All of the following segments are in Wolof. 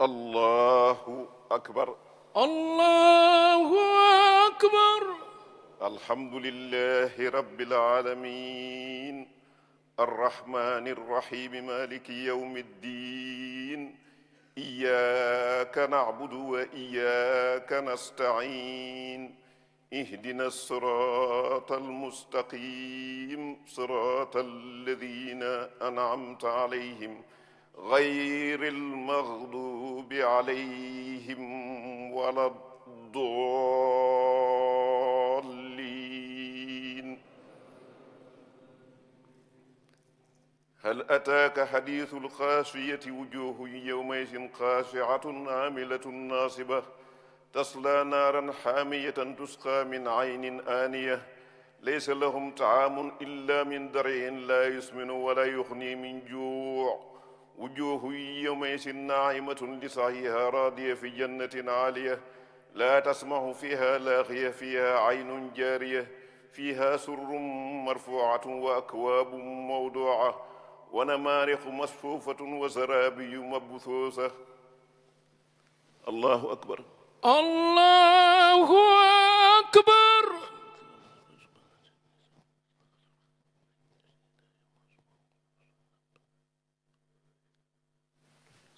allahu akbar allahu akbar alhamdulillahi rabbil alamin arrahmani rrahim maliki yawmi ddin iyyaka na'budu wa iyyaka nasta'in ihdina sirata almustaqim sirata alladhina an'amta alayhim غير المغضوب عليهم ولا الضالين هل أتاك حديث الخاشية وجوه يومئذ خاشعة عاملة ناصبة تصلى نارا حامية تسقى من عين آنية ليس لهم طعام إلا من درع لا يسمن ولا يغني من جوع وجوه يومئذ ناعمة لسعيها راضية في جنة عالية لا تسمع فيها لاغية فيها عين جارية فيها سر مرفوعة وأكواب موضوعة ونمارق مصفوفة وزرابي مبثوثة الله أكبر الله أكبر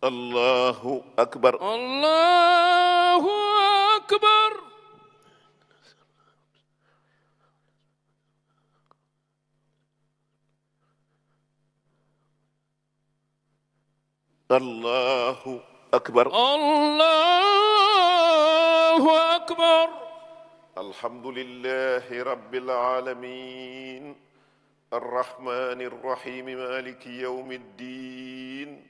allahu akbar allahu akbar allahu akbar allahu akbar alhamdulillahi rabbil alamin arrahmani arrahim maliki yawmi ddin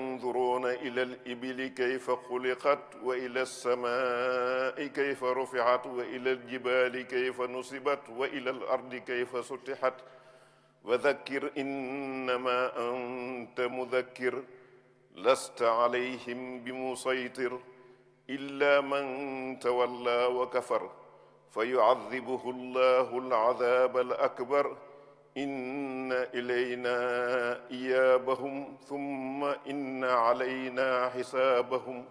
ينظرون إلى الإبل كيف خلقت وإلى السماء كيف رفعت وإلى الجبال كيف نصبت وإلى الأرض كيف سطحت وذكر إنما أنت مذكر لست عليهم بمسيطر إلا من تولى وكفر فيعذبه الله العذاب الأكبر inna ilayna iyaabahum thumma inna alayna hisaabahum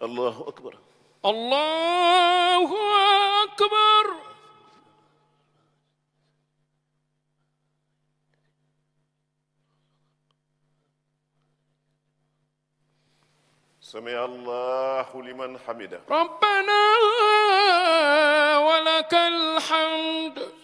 allahu akbar allahu akbar sami'a allahu liman hamidah rabbana wa lakal hamd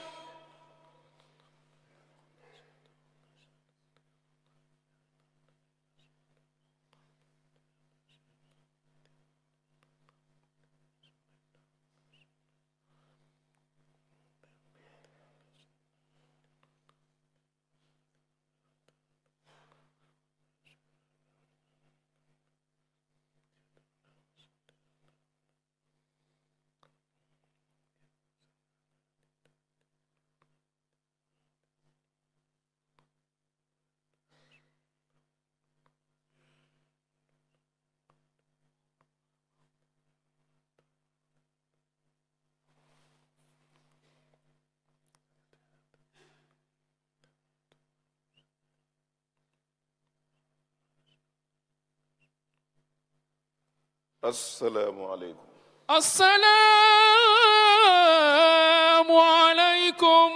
asalaamualeykum. asalaamualeykum.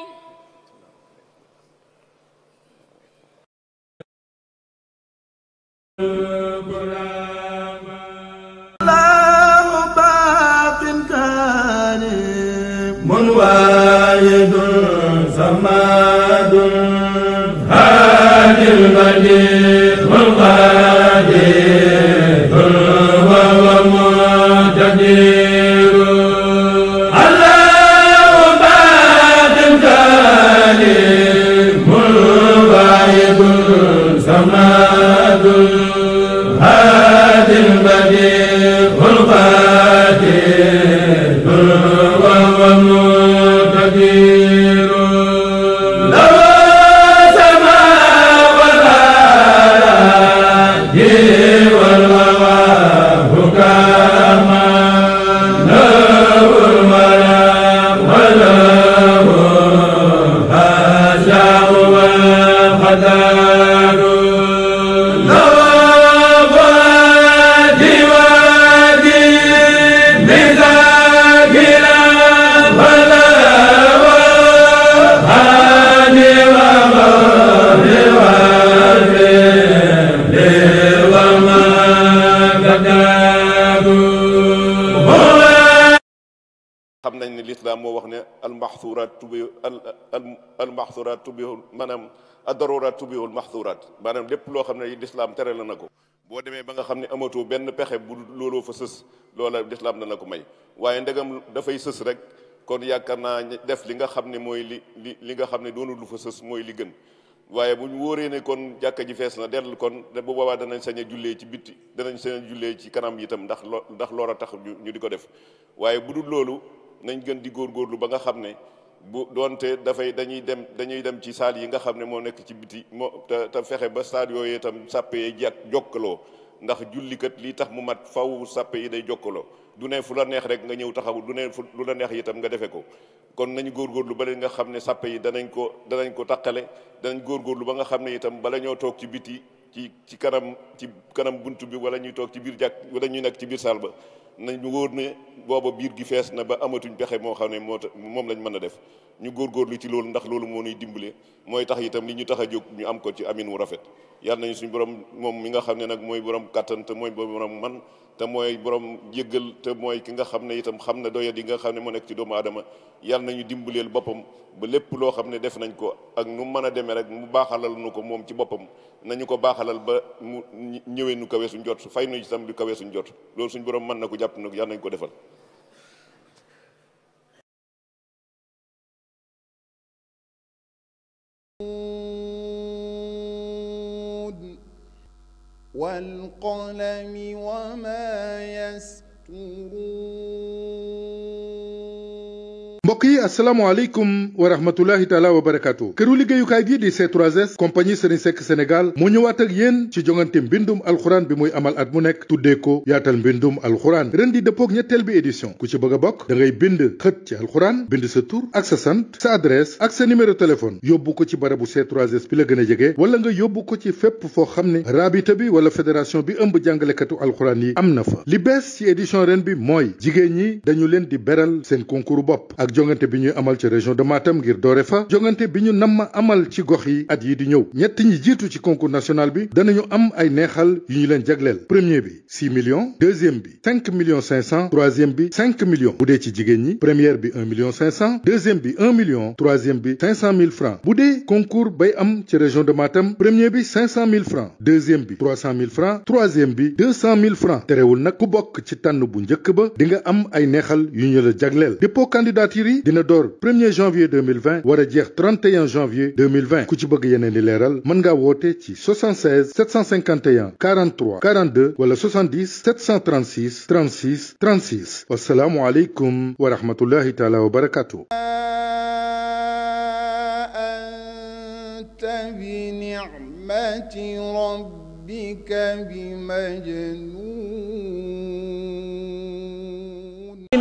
منوايد صمد هادي المجيد al maxduraat tubihul maanaam addaruuraat tubihul maxduraat maanaam lépp loo xam ne lislaam tere la na ko boo demee ba nga xam ne amatoo benn pexe bu looloo fa sës loola lislaam dana ko may waaye ndegam dafay sës rek kon yaakaar naa def li nga xam ne mooy li li li nga xam ne doonul lu fa sës mooy li gën waaye bu ñu wóoree ne kon jàkka ji fees na dell kon bu boobaa danañ sañ a ci bitti danañ sañ a jullee ci kanam itam ndax lo ndax loola tax ñu di ko def waaye bu dul loolu nañ gën di góor góorlu ba nga xam ne bu doonte dafay dañuy dem dañuy dem ci saal yi nga xam ne moo nekk ci biti moo te te fexe ba stade yooyu itam sàppe yi jàkk jokkaloo ndax jullikat lii tax mu mat faw sàppe yi day jokkaloo du ne fu la neex rek nga ñëw taxaw du ne fu lu la neex itam nga defe ko kon nañ góorgóorlu ba leen nga xam ne sàppe yi danañ ko danañ ko taqale danañ lu ba nga xam ne itam bala ñoo toog ci biti ci ci kanam ci kanam bunt bi wala ñuy toog ci biir jàkk wala ñuy nekk ci biir saal ba nañu wóor ne booba biir gi fees na ba amatuñ pexe moo xam ne moo tax moom lañ mën a def ñu góorgóorlu ci loolu ndax loolu moo ñuy dimbale mooy tax itam li ñu tax a jóg ñu am ko ci amin wu rafet yal nañu suñu borom moom mi nga xam ne nag mooy borom kattan te mooy borom man te mooy borom yëggal te mooy ki nga xam ne itam xam ne doyat yi nga xam ne moo nekk ci doomu aadama yal nañu dimbaleel boppam ba lépp loo xam ne def nañ ko ak nu mën a demee rek mu baaxalal nu ko moom ci boppam nañu ko baaxalal ba mu ñëwee nu kawee suñ jot su fay nu itam lu kawee suñ jot loolu suñ borom mën na ko jàpp nag yal nañ ko defal والقلم وما يسطرون mbokk yi asalaamaaleykum wa rahmatulahi taala wa barakaatu këru liggéeyukaay gi di C3S compagnie Serigne Seck Sénégal moo ñëwaat ak yéen ci jongante mbindum alxuraan bi muy amal at mu nekk tuddee ko yaatal mbindum alxuraan ren di dëppook ñetteel bi édition ku ci bëgg a bokk da ngay bind xët ci alxuraan bind sa tur ak sa sant sa adresse ak sa numéro téléphone yóbbu ko ci barabu C3S bi la gën a jege wala nga yóbbu ko ci fépp foo xam ne raabita bi wala fédération bi ëmb jàngalekatu alxuraan yi am na fa li bees ci ren bi mooy jigéen ñi dañu leen di beral seen concours bopp ak jongante bi ñuy amal ci région de Matam ngir doore fa jongante bi ñu namm amal ci gox yi at yi di ñëw ñett ñi jiitu ci concours national bi danañu am ay neexal yu ñu leen jagleel premier bi million millions deuxième bi cinq millions cinq cent troisième bi cinq millions bu dee ci jigéen ñi première bi million cinq cent deuxième bi un million troisième bi cinq cent mille francs bu dee concours bay am ci région de Matam premier bi cent mille francs deuxième bi trois cent mille francs troisième bi deux mille francs terewul nag ku bokk ci tànn bu njëkk ba di nga am ay neexal yu ñu la jagleel dépôt candidature bi dina door janvier war a jeex 31 janvier 2020 ku ci bëgg yeneen di leeral mën ngaa woote ci 76 751 43 42 wala 70 736 36 36 wasalaamu aleykum wa rahmatullahi taala wa barakatuh بنعمة ربك بمجنون